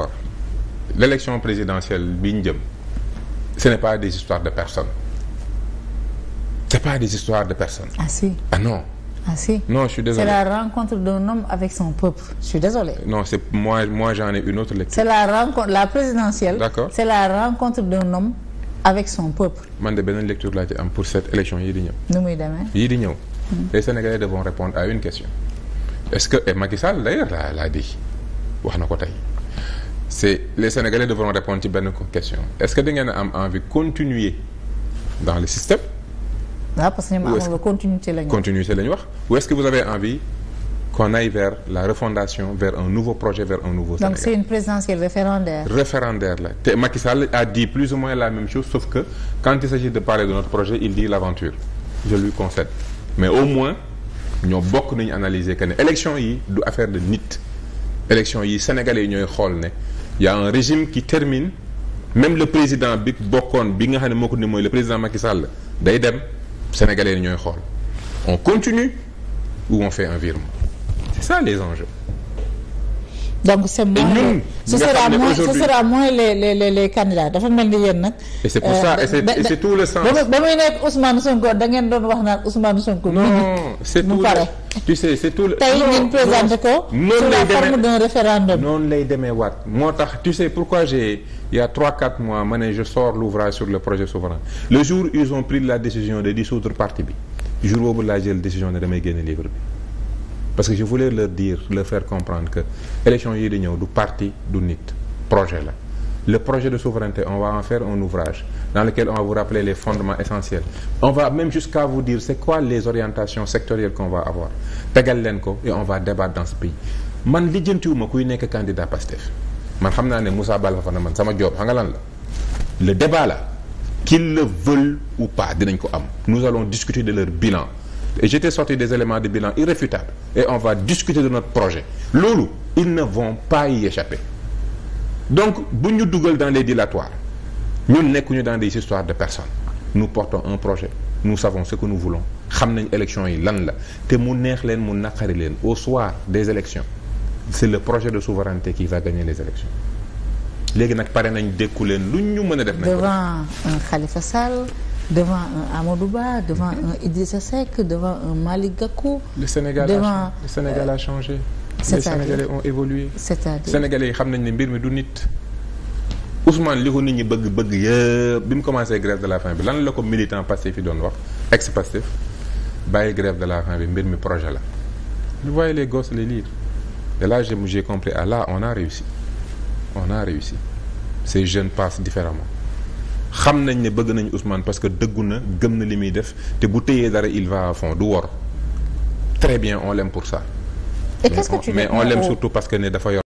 l l'élection présidentielle bi ñu jëm ce n'est pas des histoires de personnes c'est pas des histoires de personnes ah si ah non ah si non je suis désolé c'est la rencontre d'un homme avec son peuple je désolé non c'est moi moi j'en ai une autre lecture c'est la rencontre la présidentielle d'accord c'est la rencontre d'un homme avec son peuple man de beneen lecture laa ci am pour cette élection yii di ñëw nu muy demee yii di ñëw hmm. les Sénégalais devront répondre à une question est-ce que et Macky Sall d'ailleurs laa laa c'est les Sénégalais devront répondre ci benn question est-ce que da ngeen am envie continuer dans le système. waaw ah, parce que ñoom amul continuité la ñu. wax ou est-ce que vous avez envie qu'on aille vers la refondation vers un nouveau projet vers un nouveau. Sénégal donc c'est une présidentielle référendaire. référendaire la te Macky a dit plus ou moins la même chose sauf que quand il s'agit de parler de notre projet il dit l'aventure je lui concède mais au moins ñoo bokk nañu analyser que ne élection yi du affaire de nit élection yi sénégalais yi ñooy xool ne. yaa a un régime qui termine même le président bi bokkoon bi nga xam ne moo ko ne mooy le président Macky Sall day dem sénégalais ñooy xool on continue ou on fait un virement c'est ça les enjeux donc c'est moins ce sera moins ce sera dafa mel ni yéen nag. Euh, le sens. ba muy nekk Ousmane Sonko da ngeen doon wax naan Ousmane Sonko. non c'est tout le tu sais ngeen présenté ko. noonu lay demee sous waat moo tax tu sais pourquoi j'ai il trois quatre mois ma ne je sors l'ouvrage sur le projet souverain le jour ils ont pris la décision de dissoudre parti bi jour boobu laa jël décision ne damay génne livre bi. parce que je voulais leur dire leur faire comprendre que élection yii di ñëw du parti du nit projet la le projet de souveraineté on va en faire un ouvrage dans lequel on va vous rappeler les fondements essentiels on va même jusqu'à vous dire c'est quoi les orientations sectorielles qu'on va avoir tegal leen ko et on va débattre dans ce pays man lijjantiwuma kuy nekk candidat Pastef man xam naa ne Moussa Balla Fofana man sama job xam nga la le débat là le veulent ou pas ko am nous allons discuter de leur bilan et j'étais sorti des éléments de bilan irréfutables et on va discuter de notre projet loolu ils ne vont pas y échapper donc bu ñu dugal dans les dilatoires ñun nekkuñu dans des histoires de personnes nous portons un projet nous savons ce que nous voulons xam nañ élection yi lan la te mu neex leen mu naqari leen au soir des élections c'est le projet de souveraineté qui va gagner les élections léegi nag pare nañ dékku leen lu ñu mën a def. nañ ko devant euh, devant un Amadou Ba devant un Idrissa Seck devant un Malick Gakou. Sénégal devant, a le Sénégal a changé. Euh, les Sénégalais ont évolué. c'est-à-dire Sénégalais yi xam nañ ne mbir mi du nit. Ousmane li ko nit ñi bëgg bëgg bi mu commencé grève de la faim bi lan la ko militant Pastef yi doon wax ex Pastef bàyyi grève de la faim bi mbir mi projet la. vous voyez les gosses les lire et là j'ai compris ah là on a réussi on a réussi ces jeunes passent différemment. xam nañ ne bëgg nañu Ousmane parce que dëggu na gëm na li muy def te bu téyee dara il va fond du wor très bien on lem pour sax et mais on l'aime surtout parce que ne dafa yor